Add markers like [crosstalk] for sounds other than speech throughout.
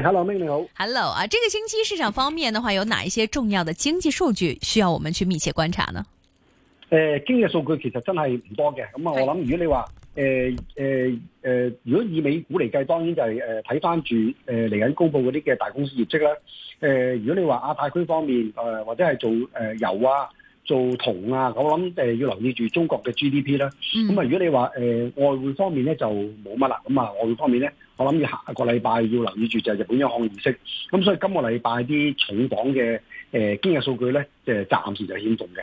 Hello，咩你好？Hello 啊，這個星期市場方面的話，有哪一些重要的經濟數據需要我們去密切觀察呢？誒、呃，經濟數據其實真係唔多嘅，咁啊，我諗如果你話，誒誒誒，如果以美股嚟計，當然就係誒睇翻住誒嚟緊公布嗰啲嘅大公司業績啦。誒、呃，如果你話亞太區方面，誒、呃、或者係做誒、呃、油啊。做銅啊，我諗要留意住中國嘅 GDP 啦、嗯。咁啊，如果你話外匯方面咧就冇乜啦。咁、呃、啊，外匯方面咧，我諗要下個禮拜要留意住就日本央行嘅議息。咁所以今個禮拜啲重磅嘅誒經濟數據咧，即係暫時就險重嘅。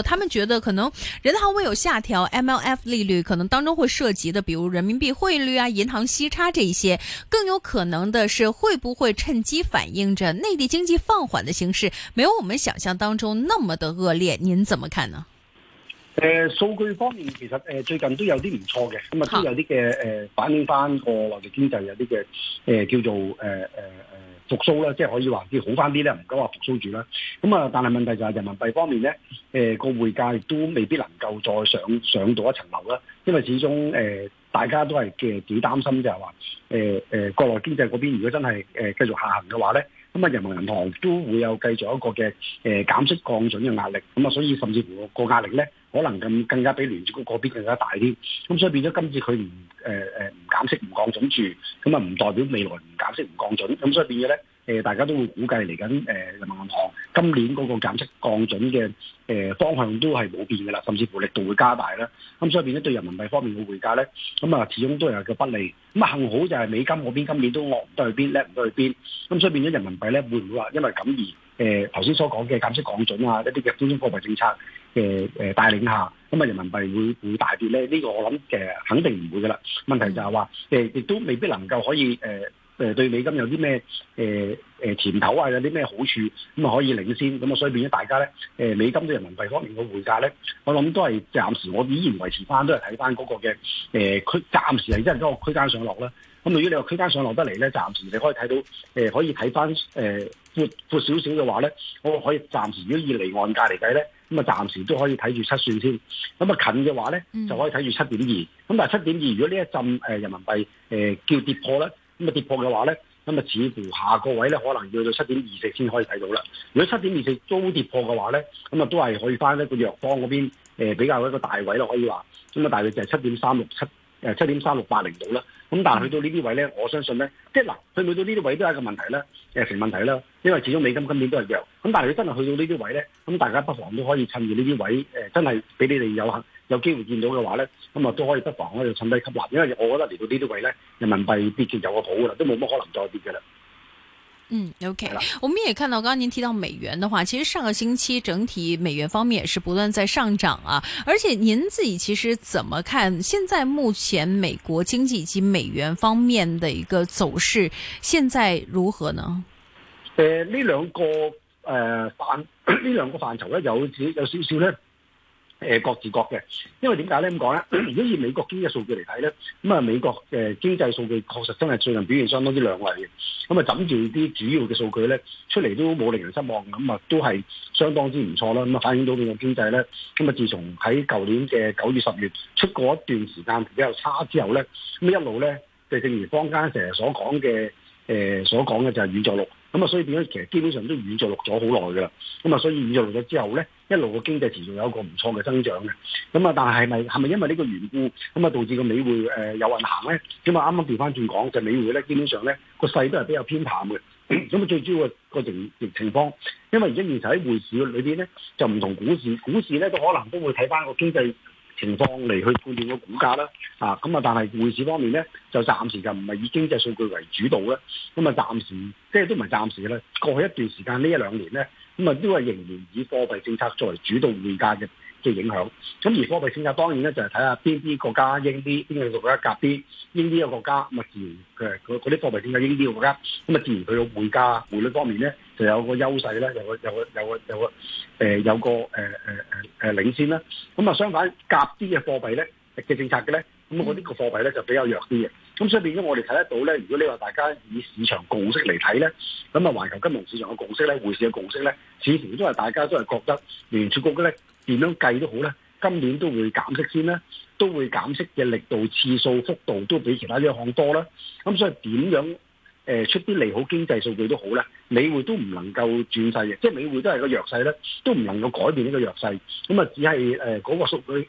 他們覺得可能，人行未有下調 MLF 利率，可能當中會涉及的，比如人民幣匯率啊、銀行息差這一些，更有可能的是會不會趁機反映着內地經濟放緩的形勢，沒有我們想象當中那麼的惡劣？您怎麼看呢？呃、數據方面其實、呃、最近都有啲唔錯嘅，咁啊都有啲嘅、呃、反映翻個內地經濟有啲嘅、呃、叫做、呃呃復甦啦，即係可以話啲好翻啲咧，唔敢話復甦住啦。咁啊，但係問題就係人民幣方面咧，個匯價亦都未必能夠再上上到一層樓啦。因為始終大家都係嘅幾擔心就係話誒誒國內經濟嗰邊如果真係繼續下行嘅話咧，咁啊，人民銀行都會有繼續有一個嘅減息降準嘅壓力。咁啊，所以甚至乎個壓力咧，可能咁更加比聯儲局嗰邊更加大啲，咁所以變咗今次佢唔誒誒唔減息唔降準住，咁啊唔代表未來唔減息唔降準，咁所以變咗咧誒大家都會估計嚟緊誒人民銀行今年嗰個減息降準嘅誒、呃、方向都係冇變噶啦，甚至乎力度會加大啦，咁所以變咗對人民幣方面嘅匯價咧，咁、嗯、啊始終都有個不利，咁啊幸好就係美金嗰邊今年都落唔得去邊 l 唔得去邊，咁所以變咗人民幣咧會唔會話因為咁而誒頭先所講嘅減息降準啊一啲嘅寬鬆貨幣政策嘅誒帶領下，咁啊人民幣會會大跌咧？呢、呢個我諗嘅、呃、肯定唔會噶啦。問題就係話誒，亦、呃、都未必能夠可以誒誒、呃呃、對美金有啲咩誒誒甜頭啊，有啲咩好處咁啊、嗯、可以領先咁啊，所以變咗大家咧誒、呃、美金對人民幣方面嘅匯價咧，我諗都係暫時我依然維持翻都係睇翻嗰個嘅誒區，暫時係喺一個區間上落啦。咁如果你話區間上落得嚟咧，暫時你可以睇到、呃，可以睇翻，誒、呃、闊闊少少嘅話咧，我可以暫時如果以離岸價嚟計咧，咁啊暫時都可以睇住七算先。咁啊近嘅話咧，嗯、就可以睇住七點二。咁但係七點二，如果呢一陣人民幣、呃、叫跌破咧，咁啊跌破嘅話咧，咁啊似乎下個位咧可能要到七點二四先可以睇到啦。如果七點二四都跌破嘅話咧，咁啊都係可以翻一個弱方嗰邊、呃，比較一個大位咯，可以話。咁啊大概就係七點三六七。誒七點三六八零度啦，咁但係去到呢啲位咧，我相信咧，即係嗱，去到呢啲位都係一個問題啦，誒成問題啦，因為始終美金今年都係弱，咁但係佢真係去到呢啲位咧，咁大家不妨都可以趁住呢啲位，真係俾你哋有有機會見到嘅話咧，咁啊都可以不妨咧就趁低吸納，因為我覺得嚟到呢啲位咧，人民幣跌跌有個好噶啦，都冇乜可能再跌噶啦。嗯，OK，了我們也看到，剛剛您提到美元的話，其實上個星期整體美元方面也是不斷在上漲啊。而且您自己其實怎麼看現在目前美國經濟以及美元方面的一個走勢，現在如何呢？誒、呃，呢兩個誒範，呢、呃、兩個範疇咧有有，有少少咧。誒各自各嘅，因為點解咧咁講咧？如果以美國經濟數據嚟睇咧，咁啊美國誒經濟數據確實真係最近表現相當之兩位嘅，咁啊枕住啲主要嘅數據咧出嚟都冇令人失望，咁啊都係相當之唔錯啦。咁啊反映到佢嘅經濟咧，咁啊自從喺舊年嘅九月十月出過一段時間比較差之後咧，咁一路咧，就正如坊間成日所講嘅，誒、呃、所講嘅就係軟著陸。咁啊，所以變咗，其實基本上都軟著陸咗好耐噶啦。咁啊，所以軟著陸咗之後咧，一路個經濟持續有一個唔錯嘅增長嘅。咁啊，但係係咪係咪因為呢個緣故，咁啊導致個美匯誒、呃、有運行咧？咁啊，啱啱調翻轉講，就是、美匯咧，基本上咧個勢都係比較偏淡嘅。咁啊，最主要的個情情況，因為而家現時喺匯市裏邊咧，就唔同股市，股市咧都可能都會睇翻個經濟情況嚟去判斷個股價啦，吓咁啊，但係匯市方面咧，就暫時就唔係以經濟數據為主導啦。咁啊，暫時即係都唔係暫時啦，過去一段時間呢一兩年咧，咁啊都係仍然以貨幣政策作為主導匯價嘅。嘅影響，咁而貨幣政策當然咧就係睇下邊啲國家英啲，邊個國家夾啲，英啲嘅國家咁啊，自然佢啲貨幣政策英啲個國家，咁啊自然佢嘅匯價、匯率方面咧就有個優勢咧，有個有個有個有個誒有個誒誒誒誒領先啦。咁啊相反夾啲嘅貨幣咧嘅政策嘅咧，咁我呢個貨幣咧就比較弱啲嘅。咁所以變咗我哋睇得到咧，如果你話大家以市場共識嚟睇咧，咁啊環球金融市場嘅共識咧，匯市嘅共識咧，似乎都係大家都係覺得聯儲局嘅咧。點樣計都好咧，今年都會減息先啦，都會減息嘅力度、次數、幅度都比其他呢項多啦。咁、嗯、所以點樣誒、呃、出啲利好經濟數據都好咧，美匯都唔能夠轉勢嘅，即係美匯都係個弱勢咧，都唔能夠改變呢個弱勢。咁、嗯、啊，只係誒嗰個數據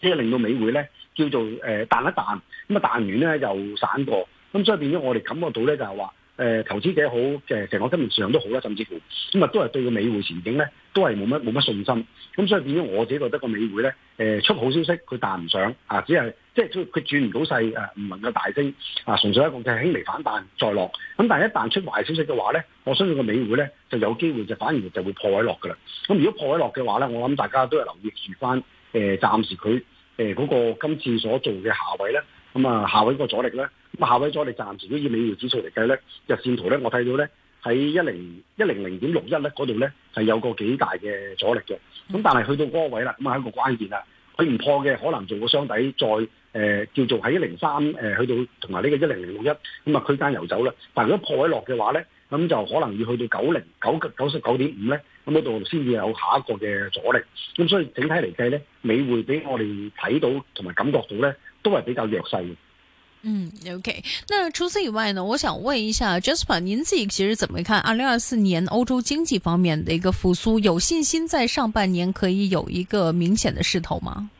即係、 [coughs] 就是、令到美匯咧叫做誒彈、呃、一彈，咁啊彈完咧又散過。咁、嗯、所以變咗我哋感覺到咧就係話誒投資者好，誒、呃、成個金融市場都好啦，甚至乎咁啊、嗯、都係對個美匯前景咧。都係冇乜冇乜信心，咁所以變咗我自己覺得個美匯咧，誒出好消息佢彈唔上啊，只係即係佢轉唔到勢啊，唔能夠大升啊，純粹一個嘅輕微反彈再落。咁但係一旦出壞消息嘅話咧，我相信個美匯咧就有機會就反而就會破位落噶啦。咁如果破位落嘅話咧，我諗大家都係留意住翻誒，暫時佢誒嗰個今次所做嘅下位咧，咁啊下位個阻力咧，咁啊下位阻力暫時都以美匯指數嚟計咧，日線圖咧我睇到咧。喺一零一零零點六一咧嗰度咧，係有個幾大嘅阻力嘅。咁但係去到嗰個位啦，咁啊係一個關鍵啦。佢唔破嘅，可能做個箱底再誒、呃、叫做喺一零三誒去到同埋呢個一零零六一咁啊區間游走啦。但係如果破咗落嘅話咧，咁就可能要去到九零九九十九點五咧，咁嗰度先至有下一個嘅阻力。咁所以整體嚟計咧，美匯俾我哋睇到同埋感覺到咧，都係比較弱勢嘅。嗯，OK，那除此以外呢？我想問一下，Jasper，您自己其實怎麼看二零二四年歐洲經濟方面的一個復甦？有信心在上半年可以有一個明顯的勢頭嗎？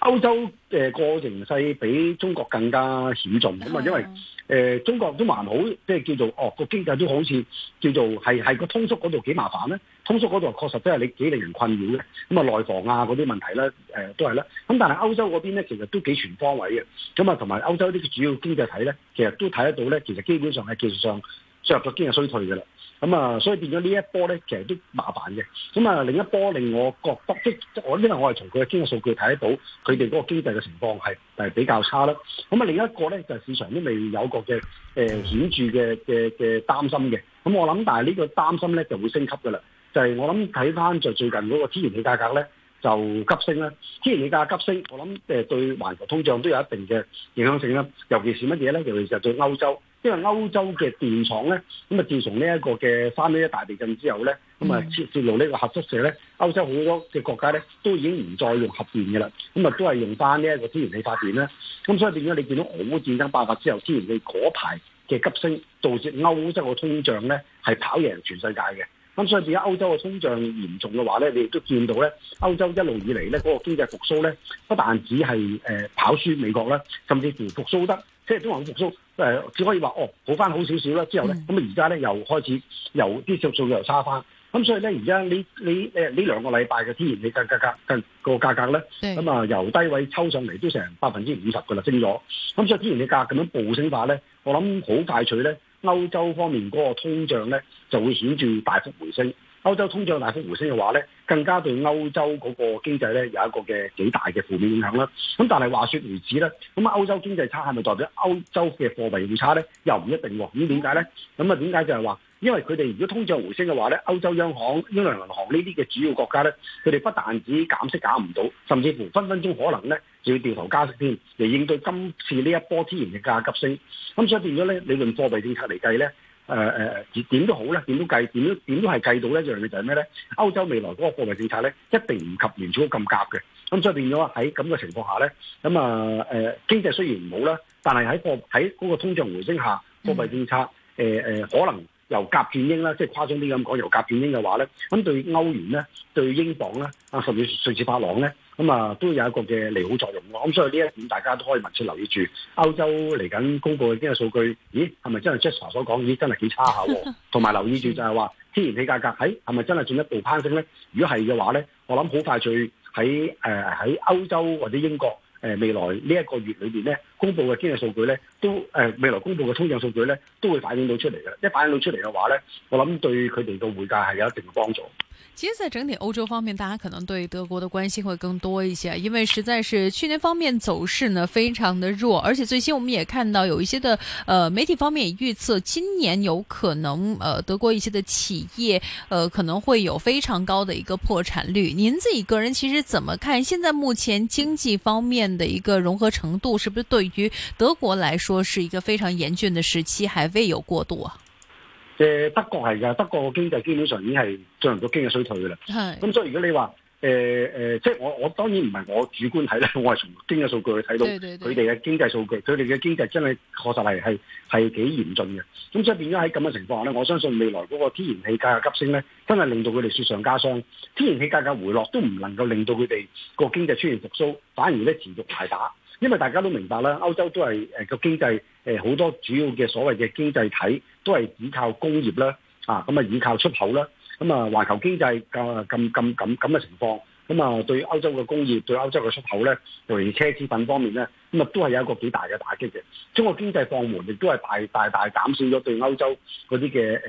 歐洲的個形勢比中國更加險峻。咁啊，因為誒、呃，中國都蠻好，即係叫做哦個經濟都好似叫做係係個通縮嗰度幾麻煩呢。通縮嗰度確實都係你幾令人困擾嘅，咁啊內房啊嗰啲問題咧，誒、呃、都係啦。咁但係歐洲嗰邊咧，其實都幾全方位嘅。咁啊同埋歐洲呢啲主要經濟體咧，其實都睇得到咧，其實基本上係技術上進入咗經濟衰退嘅啦。咁啊，所以變咗呢一波咧，其實都麻煩嘅。咁啊另一波令我覺得，即係我因為我係從佢嘅經濟數據睇得到佢哋嗰個經濟嘅情況係係比較差啦。咁啊另一個咧就係、市場都未有個嘅誒、呃、顯著嘅嘅嘅擔心嘅。咁我諗，但係呢個擔心咧就會升級嘅啦。就係我諗睇翻就最近嗰個天然氣價格咧就急升啦，天然氣價急升，我諗對環球通脹都有一定嘅影響性啦。尤其是乜嘢咧？尤其是對歐洲，因為歐洲嘅電廠咧，咁啊自從呢一個嘅三一一大地震之後咧，咁啊設置用呢個核輻射咧，歐洲好多嘅國家咧都已經唔再用核電嘅啦，咁啊都係用翻呢一個天然氣發電啦。咁所以點解你見到俄烏戰爭爆發之後，天然氣嗰排嘅急升，導致歐洲嘅通脹咧係跑贏全世界嘅？咁所以而家歐洲嘅通脹嚴重嘅話咧，你亦都見到咧，歐洲一路以嚟咧嗰個經濟復甦咧，不但只係、呃、跑輸美國呢，甚至乎復甦得，即係都話復甦？只可以話哦好翻好少少啦。之後咧，咁啊而家咧又開始由啲著數又差翻。咁所以咧，而家呢呢呢兩個禮拜嘅天然氣價價格跟個價格咧，咁啊是的 由低位抽上嚟都成百分之五十噶啦，升咗。咁所以天然氣價咁樣暴升化咧，我諗好快取咧。歐洲方面嗰個通脹咧就會顯著大幅回升，歐洲通脹大幅回升嘅話咧，更加對歐洲嗰個經濟咧有一個嘅幾大嘅負面影響啦。咁但係話說如此咧，咁啊歐洲經濟差係咪代表歐洲嘅貨幣會差咧？又唔一定喎。咁點解咧？咁啊點解就係話？因為佢哋如果通脹回升嘅話咧，歐洲央行、英倫銀行呢啲嘅主要國家咧，佢哋不但止減息減唔到，甚至乎分分鐘可能咧就要掉頭加息添，嚟應對今次呢一波天然嘅價急升。咁、嗯、所以變咗咧，理論貨幣政策嚟計咧，誒誒點都好咧，點都計，點都點都係計到一樣嘢，就係佢就係咩咧？歐洲未來嗰個貨幣政策咧，一定唔及年初咁夾嘅。咁、嗯、所以變咗喺咁嘅情況下咧，咁啊誒經濟雖然唔好啦，但係喺貨喺嗰個通脹回升下，貨幣政策誒誒、呃呃、可能。由甲賁英啦，即係誇張啲咁講，由甲賁英嘅話咧，咁對歐元咧、對英鎊咧、啊甚至瑞士法郎咧，咁啊都有一個嘅利好作用，我諗。咁所以呢一點大家都可以密切留意住。歐洲嚟緊公佈嘅經濟數據，咦係咪真係 Jasper 所講？咦真係幾差下？同埋留意住就係話，天然氣價格喺係咪真係進一步攀升咧？如果係嘅話咧，我諗好快最喺喺歐洲或者英國未來呢一個月裏面咧。公布嘅經濟數據呢，都誒未來公布嘅通脹數據呢，都會反映到出嚟嘅。一反映到出嚟嘅話呢，我諗對佢哋嘅匯價係有一定嘅幫助。其實在整體歐洲方面，大家可能對德國的關心會更多一些，因為實在是去年方面走勢呢，非常的弱。而且最新我們也看到有一些的，呃，媒體方面也預測今年有可能，呃，德國一些的企業，呃，可能會有非常高的一個破產率。您自己個人其實怎麼看？現在目前經濟方面嘅一個融合程度，是不是對？於德國來說是一個非常嚴峻的時期，還未有過渡啊。誒，德國係噶，德國嘅經濟基本上已經係進入到經濟衰退噶啦。係。咁所以如果你話誒誒，即係我我當然唔係我主觀睇咧，我係從經濟數據去睇到佢哋嘅經濟數據，佢哋嘅經濟真係確實係係係幾嚴峻嘅。咁所以變咗喺咁嘅情況下咧，我相信未來嗰個天然氣價格急升咧，真係令到佢哋雪上加霜。天然氣價格回落都唔能夠令到佢哋個經濟出現復甦，反而咧持續捱打。因為大家都明白啦，歐洲都係誒個經濟誒好多主要嘅所謂嘅經濟體都係倚靠工業啦，啊咁啊倚靠出口啦，咁啊環球經濟咁咁咁咁嘅情況，咁啊對歐洲嘅工業對歐洲嘅出口咧，尤其是奢侈品方面咧，咁啊都係有一個幾大嘅打擊嘅。中國經濟放緩亦都係大，大大大減少咗對歐洲嗰啲嘅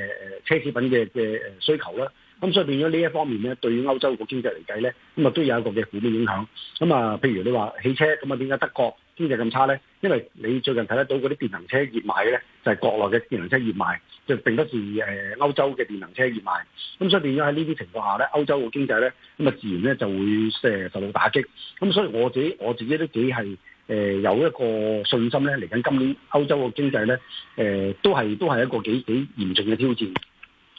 誒誒奢侈品嘅嘅誒需求啦。咁所以變咗呢一方面咧，對於歐洲個經濟嚟計咧，咁啊都有一個嘅負面影響。咁啊，譬如你話汽車咁啊，點解德國經濟咁差咧？因為你最近睇得到嗰啲電能車熱賣嘅咧，就係國內嘅電能車熱賣，就並不是誒歐洲嘅電能車熱賣。咁所以變咗喺呢啲情況下咧，歐洲個經濟咧，咁啊自然咧就會誒受到打擊。咁所以我自己我自己都幾係誒有一個信心咧，嚟緊今年歐洲個經濟咧、呃、都係都係一個幾幾嚴重嘅挑戰。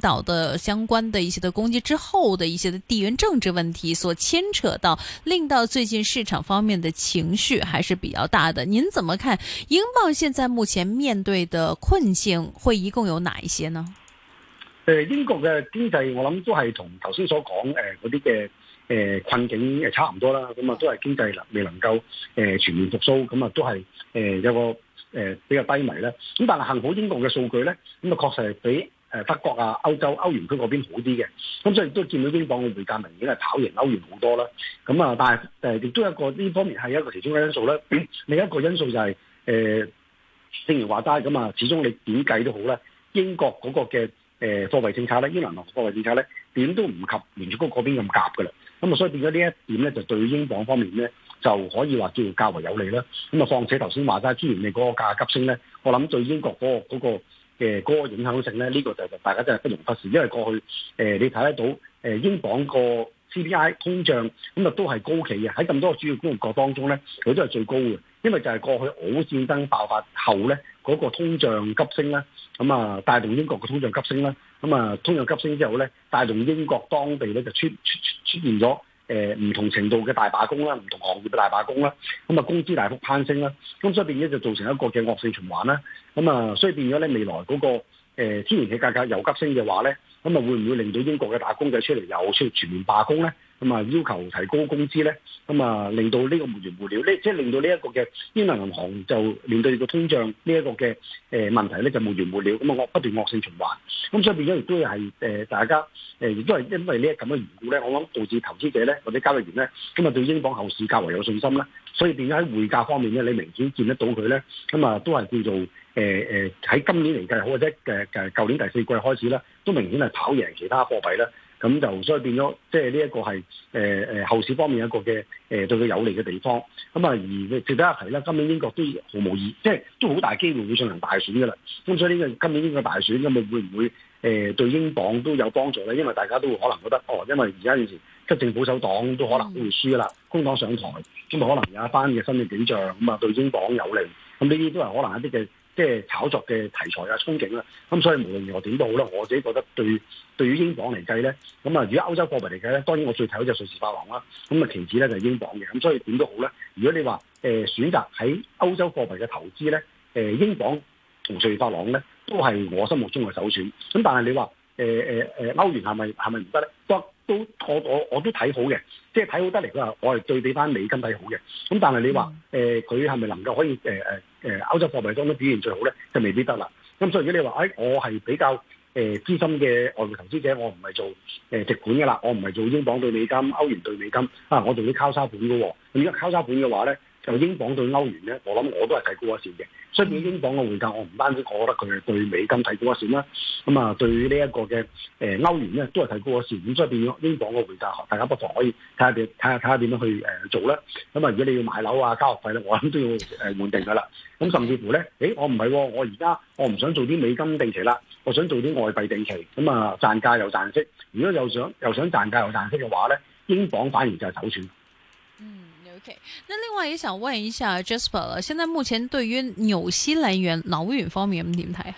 導的相關的一些的攻擊之後的一些的地緣政治問題所牽扯到，令到最近市場方面的情緒還是比較大的。您怎麼看英鎊現在目前面對的困境會一共有哪一些呢？誒，英國嘅經濟我諗都係同頭先所講誒嗰啲嘅誒困境誒差唔多啦。咁啊，都係經濟能未能夠誒全面復甦，咁啊都係誒有個誒比較低迷啦。咁但係幸好英國嘅數據咧，咁啊確實係比誒德國啊，歐洲歐元區嗰邊好啲嘅，咁所以都見到英鎊嘅匯價明顯係跑贏歐元好多啦。咁啊，但係誒亦都有一個呢方面係一個其中嘅因素啦。另一個因素就係、是、誒、呃，正如話齋咁啊，始終你點計都好咧，英國嗰個嘅誒、呃、貨幣政策咧，英倫銀行貨幣政策咧，點都唔及聯儲局嗰邊咁夾噶啦。咁啊，所以變咗呢一點咧，就對英鎊方面咧，就可以話叫較為有利啦。咁啊，況且頭先話齋，資源你嗰個價急升咧，我諗對英國嗰個嗰個，那個嘅嗰個影響性咧，呢、這個就係大家真係不容忽視，因為過去誒、呃、你睇得到誒、呃、英國個 CPI 通脹，咁、嗯、啊都係高企嘅。喺咁多個主要工業國當中咧，佢都係最高嘅。因為就係過去俄戰爭爆發後咧，嗰、那個通脹急升啦，咁、嗯、啊帶動英國個通脹急升啦，咁、嗯、啊通脹急升之後咧，帶動英國當地咧就出出出現咗誒唔同程度嘅大罷工啦，唔同行業嘅大罷工啦。咁啊，工資大幅攀升啦，咁所以變咗就造成一個嘅惡性循環啦。咁啊，所以變咗咧，未來嗰個誒天然氣價格又急升嘅話咧，咁啊，會唔會令到英國嘅打工仔出嚟又出嚟全面罷工咧？咁啊，要求提高工資咧，咁啊，令到呢個無完無了，呢即係令到呢、這、一個嘅英倫、這個、銀行銀行就面對個通脹呢一個嘅誒問題咧，就無完無了，咁啊，惡不斷惡性循環。咁所以變咗亦都係誒大家誒，亦都係因為呢一咁嘅緣故咧，我諗導致投資者咧或者交易員咧，咁啊對英鎊後市較為有信心啦。所以變咗喺匯價方面咧，你明顯見得到佢咧，咁啊都係叫做誒喺、呃、今年嚟計好或者誒誒舊年第四季開始啦，都明顯係跑贏其他貨幣啦。咁就所以變咗，即係呢一個係誒誒後市方面一個嘅誒、呃、對佢有利嘅地方。咁啊，而值得一提啦，今年英國都毫無疑，即係都好大機會會進行大選㗎啦。咁所以呢個今年英國大選，咁啊會唔會誒、呃、對英黨都有幫助咧？因為大家都會可能覺得，哦，因為而家陣時執政保守黨都可能會會輸啦，工黨上台，咁可能有一班嘅新嘅景象，咁啊對英黨有利。咁呢啲都係可能一啲嘅。即係炒作嘅題材啊、憧憬啦、啊，咁、嗯、所以無論如何點都好啦，我自己覺得對對於英鎊嚟計咧，咁、嗯、啊如果歐洲貨幣嚟計咧，當然我最睇好就係瑞士法郎啦，咁、嗯、啊其次咧就係英鎊嘅，咁、嗯、所以點都好咧，如果你話誒、呃、選擇喺歐洲貨幣嘅投資咧，誒、呃、英鎊同瑞士法郎咧都係我心目中嘅首選，咁、嗯、但係你話誒誒誒歐元係咪係咪唔得咧？都都我我我都睇好嘅，即係睇好得嚟㗎，我係對比翻美金幣好嘅，咁、嗯、但係你話誒佢係咪能夠可以誒誒？呃誒、呃、歐洲貨幣當中表現最好咧，就未必得啦。咁、嗯、所以如果你話，哎，我係比較誒、呃、資深嘅外匯投資者，我唔係做誒直盤嘅啦，我唔係做英鎊對美金、歐元對美金，啊，我仲要交叉盤嘅喎。咁、嗯、如果交叉盤嘅話咧。就英鎊對歐元咧，我諗我都係睇高一線嘅。所以變英鎊嘅匯價，我唔單止我覺得佢係對美金睇高一線啦，咁啊對、呃、呢一個嘅誒歐元咧，都係睇高一線。咁所以變英鎊嘅匯價，大家不妨可以睇下點，睇下睇下點樣去誒做咧。咁啊，如果你要買樓啊，交學費咧，我諗都要誒換、呃、定噶啦。咁甚至乎咧，誒我唔係喎，我而家、哦、我唔想做啲美金定期啦，我想做啲外幣定期。咁啊賺價又賺息，如果又想又想賺價又賺息嘅話咧，英鎊反而就係首選。OK，那另外也想問一下 Jasper，現在目前對於紐西嚟源樓源方、呃、方面，咁點睇啊？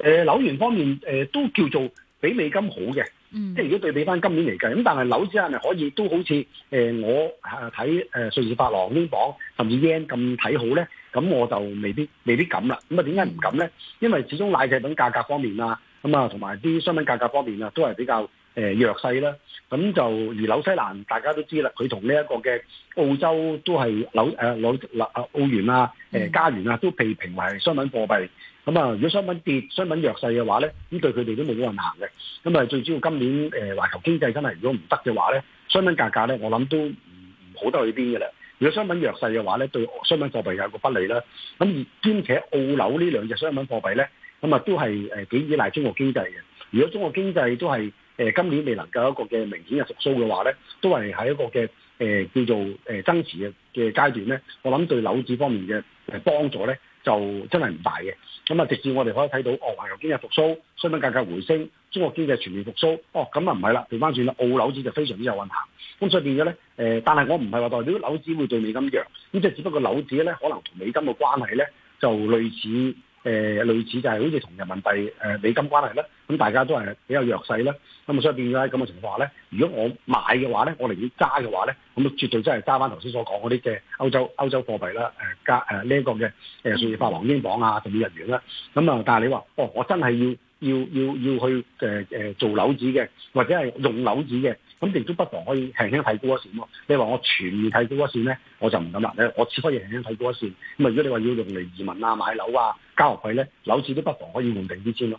誒，樓源方面誒，都叫做比美金好嘅，嗯、即係如果對比翻今年嚟計，咁但係樓之下，係可以都好似誒、呃，我睇誒、呃、瑞士法郎英鎊甚至 yen 咁睇好咧，咁我就未必未必敢啦。咁啊，點解唔敢咧？因為始終奶製品價格方面啊，咁、嗯、啊，同埋啲商品價格方面啊，都係比較。誒弱勢啦，咁就而紐西蘭大家都知啦，佢同呢一個嘅澳洲都係紐誒紐啊澳元啊誒加元啊都被評為商品貨幣。咁啊，如果商品跌、商品弱勢嘅話咧，咁對佢哋都冇咁運行嘅。咁啊，最主要今年誒、呃、環球經濟真係如果唔得嘅話咧，商品價格咧我諗都唔唔好得去邊嘅啦。如果商品弱勢嘅話咧，對商品貨幣有個不利啦。咁而兼且澳紐呢兩隻商品貨幣咧，咁啊都係誒幾依賴中國經濟嘅。如果中國經濟都係，今年未能夠一個嘅明顯嘅復甦嘅話咧，都係喺一個嘅、呃、叫做誒增持嘅嘅階段咧。我諗對樓市方面嘅幫助咧，就真係唔大嘅。咁啊，直至我哋可以睇到哦，環球經濟復甦、商品價格回升，中國經濟全面復甦。哦，咁啊唔係啦，調翻轉啦，澳樓市就非常之有運行。咁所以變咗咧、呃，但係我唔係話代表樓市會對美金弱，咁即係只不過樓市咧可能同美金嘅關係咧就類似。誒類似就係好似同人民幣誒美金關係啦，咁大家都係比較弱勢啦，咁啊所以變咗咁嘅情況下咧，如果我買嘅話呢，我寧願揸嘅話呢，咁啊絕對真係揸返頭先所講嗰啲嘅歐洲歐洲貨幣啦，加誒呢一個嘅誒瑞士法郎、英鎊啊同日元啦，咁但係你話，哦我真係要要要，要去做樓紙嘅，或者係用樓紙嘅。咁亦都不妨可以輕輕睇高一線咯。你話我全面睇高一線咧，我就唔敢啦。我只可以輕輕睇高一線。咁啊，如果你話要用嚟移民啊、買樓啊、交學費咧，樓市都不妨可以換定啲先咯。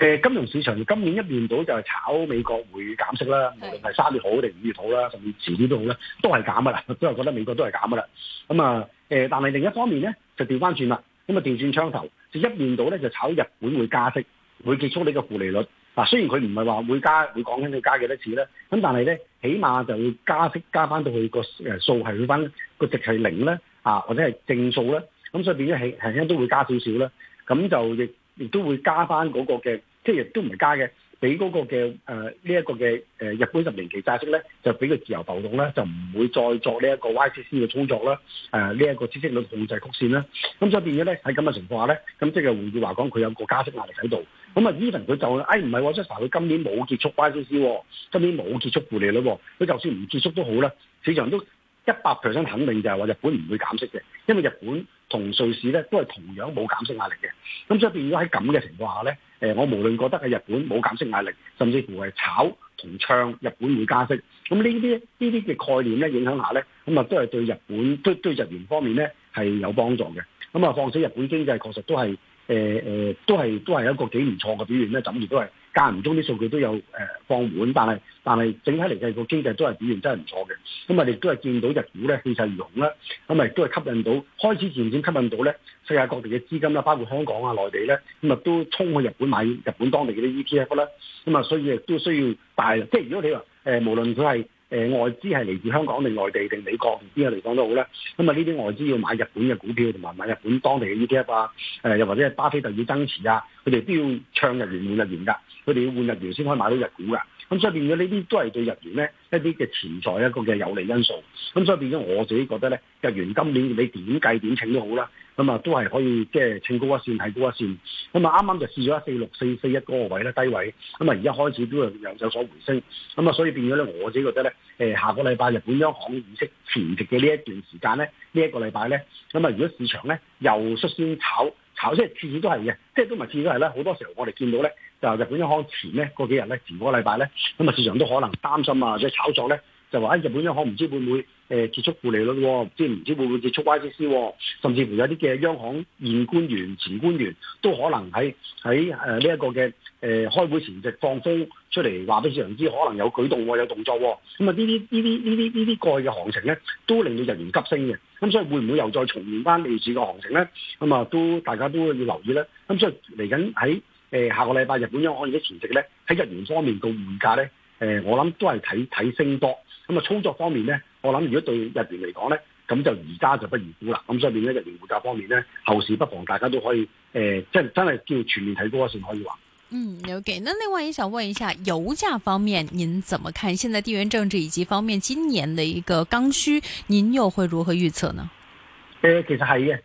誒金融市場今年一面倒就係炒美國會減息啦，無論係三月好定五月好啦，甚至遲啲都好啦，都係減噶啦，都係覺得美國都係減噶啦。咁啊但係另一方面咧，就掉翻轉啦，咁啊調轉槍頭，就一面倒咧就炒日本會加息，會結束呢個負利率。嗱、啊，雖然佢唔係話會加，會講緊佢加幾多次咧，咁、啊、但係咧，起碼就會加息加翻到去個數係去翻個值係零咧啊，或者係正數咧，咁、啊、所以變咗輕輕都會加少少啦。咁就亦亦都會加翻嗰個嘅。即係都唔加嘅，俾嗰個嘅，誒呢一個嘅誒、呃、日本十年期債息咧，就俾佢自由浮動咧，就唔會再作呢一個 YCC 嘅操作啦。誒呢一個孳息率控制曲線啦。咁、嗯、所以變咗咧，喺咁嘅情況下咧，咁、嗯、即係會議華講佢有個加息壓力喺度。咁啊 Even 佢就誒唔係喎，即係佢、哎哦、今年冇結束 YCC，、哦、今年冇結束負利率啦。佢就算唔結束都好啦，市場都一百 percent 肯定就係話日本唔會減息嘅，因為日本同瑞士咧都係同樣冇減息壓力嘅。咁、嗯、所以變咗喺咁嘅情況下咧。誒、呃，我無論覺得係日本冇減息壓力，甚至乎係炒同唱日本會加息，咁呢啲呢啲嘅概念咧影響下咧，咁啊都係對日本，都對，對日元方面咧係有幫助嘅。咁啊，況且日本經濟確實都係誒誒，都係都係一個幾唔錯嘅表現咧，咁亦都係。間唔中啲數據都有誒放緩，但係但係整體嚟計個經濟都係表現真係唔錯嘅。咁啊，你都係見到日股咧氣勢如虹啦，咁啊都係吸引到開始漸漸吸引到咧世界各地嘅資金啦，包括香港啊、內地咧，咁啊都衝去日本買日本當地嘅啲 ETF 啦。咁啊，所以亦都需要大，即係如果你話誒，無論佢係。誒、呃、外資係嚟自香港定內地定美國唔知地方都好啦。咁啊呢啲外資要買日本嘅股票同埋買日本當地嘅 ETF 啊，又、呃、或者係巴菲特要增持啊，佢哋都要唱日元換日元噶，佢哋要換日元先可以買到日股噶，咁所以變咗呢啲都係對日元咧一啲嘅潛在一個嘅有利因素，咁所以變咗我自己覺得咧，日元今年你點計點請都好啦。咁啊、嗯，都係可以即係睇高一線睇高一線。咁、嗯、啊，啱啱就試咗一四六四四一嗰個位咧，低位。咁、嗯、啊，而家開始都有有所回升。咁、嗯、啊，所以變咗咧，我自己覺得咧、呃，下個禮拜日本央行議息前夕嘅呢一段時間咧，呢、這、一個禮拜咧，咁、嗯、啊，如果市場咧又率先炒炒，即係次次都係嘅，即係都唔係次次都係咧。好多時候我哋見到咧，就日本央行前咧嗰幾日咧，前嗰個禮拜咧，咁、嗯、啊，市場都可能擔心啊，即係炒作咧，就話、哎、日本央行唔知會唔會？誒，結束負利率喎，即係唔知會唔會結束 YCC，甚至乎有啲嘅央行現官員、前官員都可能喺喺呢一個嘅誒開會前夕放風出嚟，話俾市場知可能有舉動，有動作。咁啊，呢啲呢啲呢啲呢啲過去嘅行情咧，都令到日元急升嘅。咁所以會唔會又再重現翻類似嘅行情咧？咁啊，都大家都要留意啦。咁所以嚟緊喺下個禮拜日本央行嘅前夕咧，喺日元方面到匯價咧，誒、呃、我諗都係睇睇升多。咁啊，操作方面咧。我諗如果對日元嚟講咧，咁就而家就不如估啦。咁所以變日元護價方面咧，後市不妨大家都可以誒，即係真係叫全面睇波先可以話。嗯，OK。那另外也想問一下，油價方面您怎麼看？現在地緣政治以及方面今年的一個剛需，您又會如何預測呢？其實係嘅。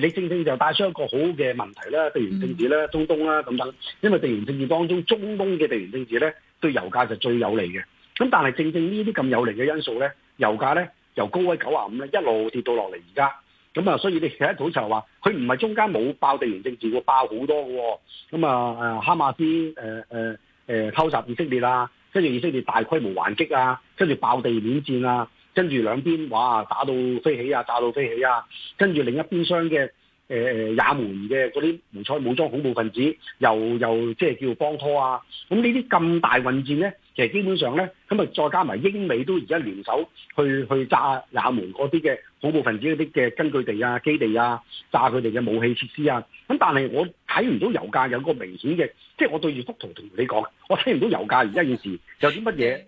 你正正就帶出一個好嘅問題啦，地緣政治啦、中東啦咁等。因為地緣政治當中，中東嘅地緣政治咧，對油價就最有利嘅。咁但係正正呢啲咁有利嘅因素咧，油價咧，由高位九啊五咧一路跌到落嚟而家，咁啊，所以你睇啲吐槽話，佢唔係中間冇爆地緣政治會爆好多喎、哦。咁啊，哈馬斯誒誒誒偷襲以色列啊，跟住以色列大規模還擊啊，跟住爆地面戰啊，跟住兩邊哇打到飛起啊，炸到飛起啊，跟住另一邊廂嘅誒也門嘅嗰啲胡塞武裝恐怖分子又又即係叫幫拖啊，咁呢啲咁大混戰咧？其實基本上咧，咁啊再加埋英美都而家聯手去去炸也門嗰啲嘅恐怖分子嗰啲嘅根據地啊、基地啊，炸佢哋嘅武器設施啊。咁但係我睇唔到油價有個明顯嘅，即係我對住幅圖同你講，我睇唔到油價而家件事有啲乜嘢。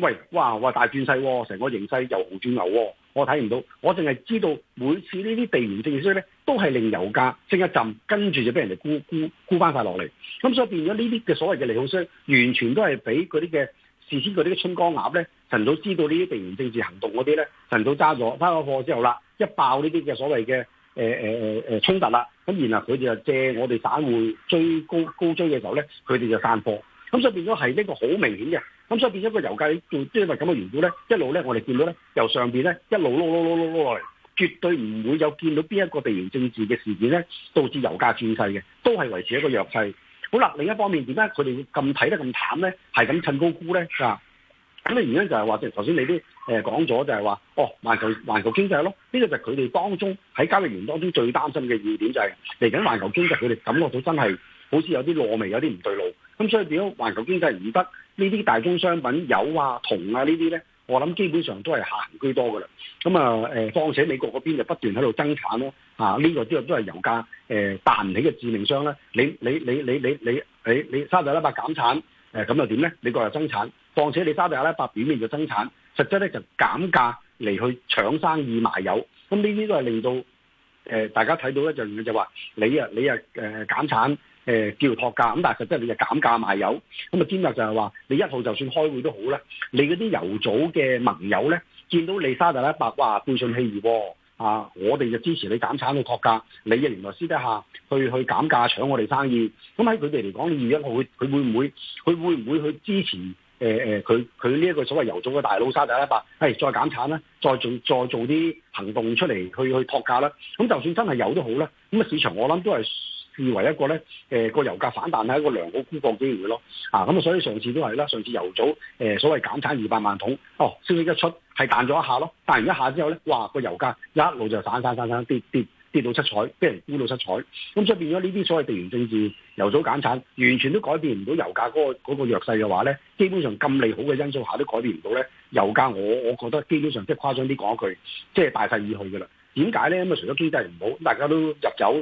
喂，哇哇大轉勢、啊，成個形勢由好轉藍、啊，我睇唔到，我淨係知道每次呢啲地緣政治咧，都係令油價升一陣，跟住就俾人哋沽沽沽翻曬落嚟。咁所以變咗呢啲嘅所謂嘅利好商，完全都係俾嗰啲嘅事先嗰啲春江鴨咧，晨早知道呢啲地緣政治行動嗰啲咧，晨早揸咗揸咗貨之後啦，一爆呢啲嘅所謂嘅誒誒誒誒衝突啦，咁然後佢哋就借我哋散戶追高高追嘅時候咧，佢哋就散貨。咁所以變咗係一個好明顯嘅。咁所以變咗個油價做、即係、因為咁嘅原故咧，一路咧我哋見到咧由上邊咧一路攞攞攞攞落嚟，絕對唔會有見到邊一個地緣政治嘅事件咧導致油價轉勢嘅，都係維持一個弱勢。好啦，另一方面點解佢哋會咁睇得咁淡咧？係咁趁高估咧？啊咁嘅原因就係話，呃、就頭先你啲誒講咗就係話，哦，環球環球經濟咯，呢個就係佢哋當中喺交易員當中最擔心嘅疑點就係嚟緊環球經濟佢哋感覺到真係好似有啲落味，有啲唔對路。咁所以變咗環球經濟唔得。呢啲大宗商品油啊、銅啊這些呢啲咧，我諗基本上都係行居多㗎喇。咁啊誒，況且美國嗰邊就不斷喺度增產咯，啊呢、這個之、這個、都係油價誒、呃、彈起嘅致命傷咧。你你你你你你你你，你沙特阿拉伯減產誒咁、呃、又點咧？美國又增產，況且你沙特阿拉伯表面就增產，實質咧就減價嚟去搶生意賣油。咁呢啲都係令到誒、呃、大家睇到一樣嘅，就話、是、你啊你啊誒、呃、減產。誒叫托價咁，但係實質係你就減價賣油咁啊！今日就係話你一號就算開會都好咧，你嗰啲油組嘅盟友咧，見到你沙特阿拉伯哇，背信棄義啊！我哋就支持你減產去托價，你嘅原來私底下去去，去減價搶我哋生意。咁喺佢哋嚟講，你二一號佢佢會唔會佢會唔會去支持誒誒佢佢呢一個所謂油組嘅大佬沙特阿拉伯係再減產咧，再做再做啲行動出嚟去去托價啦。咁就算真係有都好咧，咁啊市場我諗都係。以為一個咧，誒、呃、個油價反彈係一個良好沽價機會咯，啊咁啊，所以上次都係啦，上次油組誒、呃、所謂減產二百萬桶，哦消息一出，係彈咗一下咯，彈完一下之後咧，哇個油價一路就散散散散，散跌跌跌，跌到七彩，俾人沽到七彩，咁所以變咗呢啲所謂地緣政治油組減產，完全都改變唔到油價嗰、那個那個弱勢嘅話咧，基本上咁利好嘅因素下都改變唔到咧，油價我我覺得基本上即係誇張啲講一句，即、就、係、是、大勢已去嘅啦。點解咧？咁啊，除咗經濟唔好，大家都入走。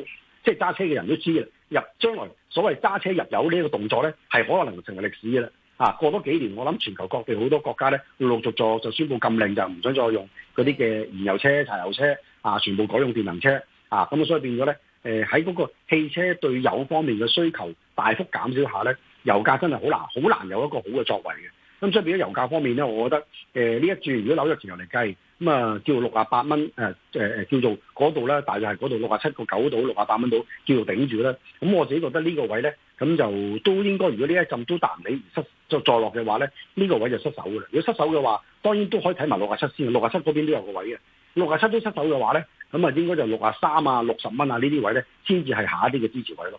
即係揸車嘅人都知啦，入將來所謂揸車入油呢一個動作呢，係可能成為歷史嘅啦。啊，過多幾年我諗全球各地好多國家呢，咧陸續作就宣布禁令，就唔想再用嗰啲嘅燃油車、柴油車啊，全部改用電能車啊。咁啊，所以變咗呢，誒喺嗰個汽車對油方面嘅需求大幅減少下呢，油價真係好難，好難有一個好嘅作為嘅。咁所以變咗油價方面呢，我覺得誒呢、呃、一轉、呃、如果扭咗前油嚟計。咁啊、嗯，叫六啊八蚊，誒、呃、叫做嗰度咧，大約係嗰度六啊七個九到六啊八蚊到，叫做頂住啦。咁我自己覺得呢個位咧，咁就都應該，如果呢一陣都搭唔起，失就再落嘅話咧，呢、呢個位就失手嘅啦。如果失手嘅話，當然都可以睇埋六啊七先，六啊七嗰邊都有個位嘅。六啊七都失手嘅話咧，咁啊應該就六啊三啊、六十蚊啊呢啲位咧，先至係下一啲嘅支持位咯。